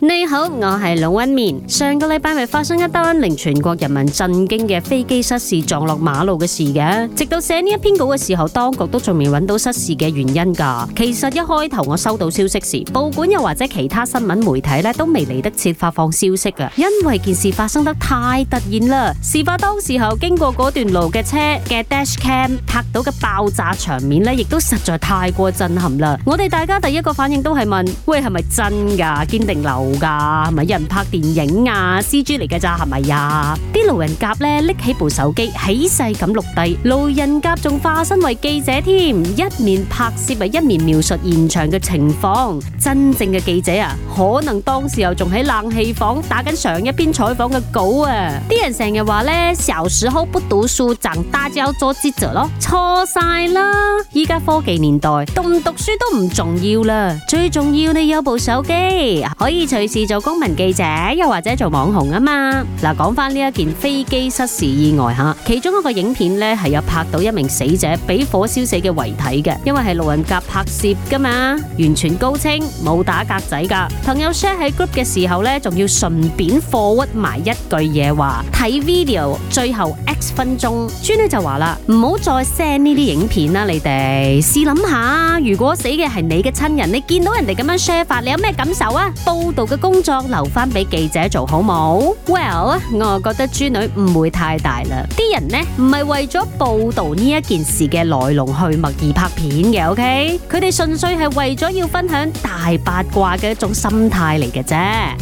你好，我係龍紋敏。上個禮拜咪發生一單令全國人民震驚嘅飛機失事撞落馬路嘅事嘅。直到寫呢一篇稿嘅時候，當局都仲未揾到失事嘅原因噶。其實一開頭我收到消息時，報館又或者其他新聞媒體呢都未嚟得切發放消息嘅，因為件事發生得太突然啦。事發當時後經過嗰段路嘅車嘅 Dashcam 拍到嘅爆炸場面呢，亦都實在太過震撼啦。我哋大家第一個反應都係問：喂，係咪真噶？堅定流？冇噶，係咪有人拍電影啊，C G 嚟㗎咋，係咪呀？啲路人甲呢，拎起部手機，起勢咁錄低。路人甲仲化身為記者添，一面拍攝啊，一面描述現場嘅情況。真正嘅記者啊，可能當時候仲喺冷氣房打緊上一篇採訪嘅稿啊。啲人成日話呢，小時候不讀書，長大只有做記者咯，錯晒啦！依家科技年代，讀唔讀書都唔重要啦，最重要你有部手機可以長。類似做公民記者，又或者做網紅啊嘛！嗱，講翻呢一件飛機失事意外吓，其中一個影片呢，係有拍到一名死者畀火燒死嘅遺體嘅，因為係路人甲拍攝噶嘛，完全高清冇打格仔噶。朋友 share 喺 group 嘅時候呢，仲要順便 forward 埋一句嘢話：睇 video 最後 X 分鐘。朱呢就話啦，唔好再 send 呢啲影片啦，你哋試諗下，如果死嘅係你嘅親人，你見到人哋咁樣 share 法，你有咩感受啊？報道嘅工作留翻俾記者做好冇？Well 啊，我覺得豬女唔會太大啦。啲人呢，唔係為咗報道呢一件事嘅來龍去脈而拍片嘅，OK？佢哋純粹係為咗要分享大八卦嘅一種心態嚟嘅啫。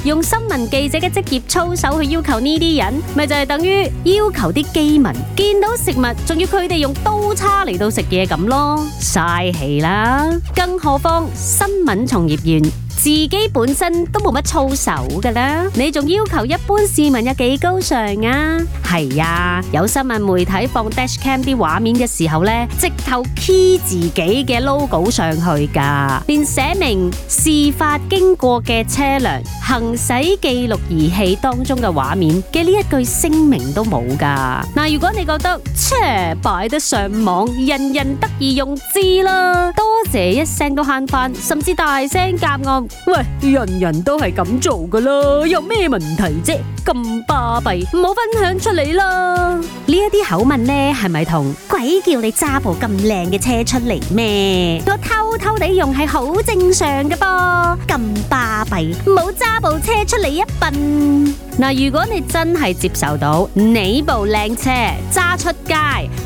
用新聞記者嘅職業操守去要求呢啲人，咪就係等於要求啲飢民見到食物，仲要佢哋用刀叉嚟到食嘢咁咯，嘥氣啦！更何況新聞從業員，自己本身都冇乜操守噶啦，你仲要求一般市民有幾高尚啊？係呀，啊，有新聞媒體放 Dashcam 啲畫面嘅時候呢，直頭 key 自己嘅 logo 上去噶，連寫明事發經過嘅車輛行駛記錄儀器當中嘅畫面嘅呢一句聲明都冇噶。嗱，如果你覺得，切擺得上網，人人得而用之啦。借一聲都慳返，甚至大聲夾惡。喂，人人都係咁做噶啦，有咩問題啫？咁巴閉，唔好分享出嚟啦。呢一啲口吻呢，係咪同鬼叫你揸部咁靚嘅車出嚟咩？我偷偷地用係好正常噶噃，咁巴閉，唔好揸部車出嚟一笨。嗱，如果你真係接受到你部靚車揸出街，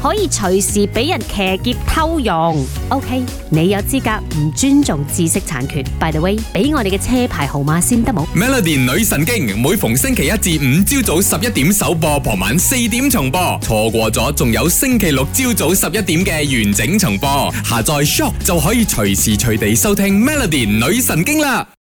可以隨時俾人騎劫偷用，OK？你有資格唔尊重知識產權？By the way，俾我哋嘅車牌號碼先得冇？Melody 女神經每逢星期一至五朝早十一點首播，傍晚四點重播，錯過咗仲有星期六朝早十一點嘅完整重播。下載 shop 就可以隨時隨地收聽 Melody 女神經啦。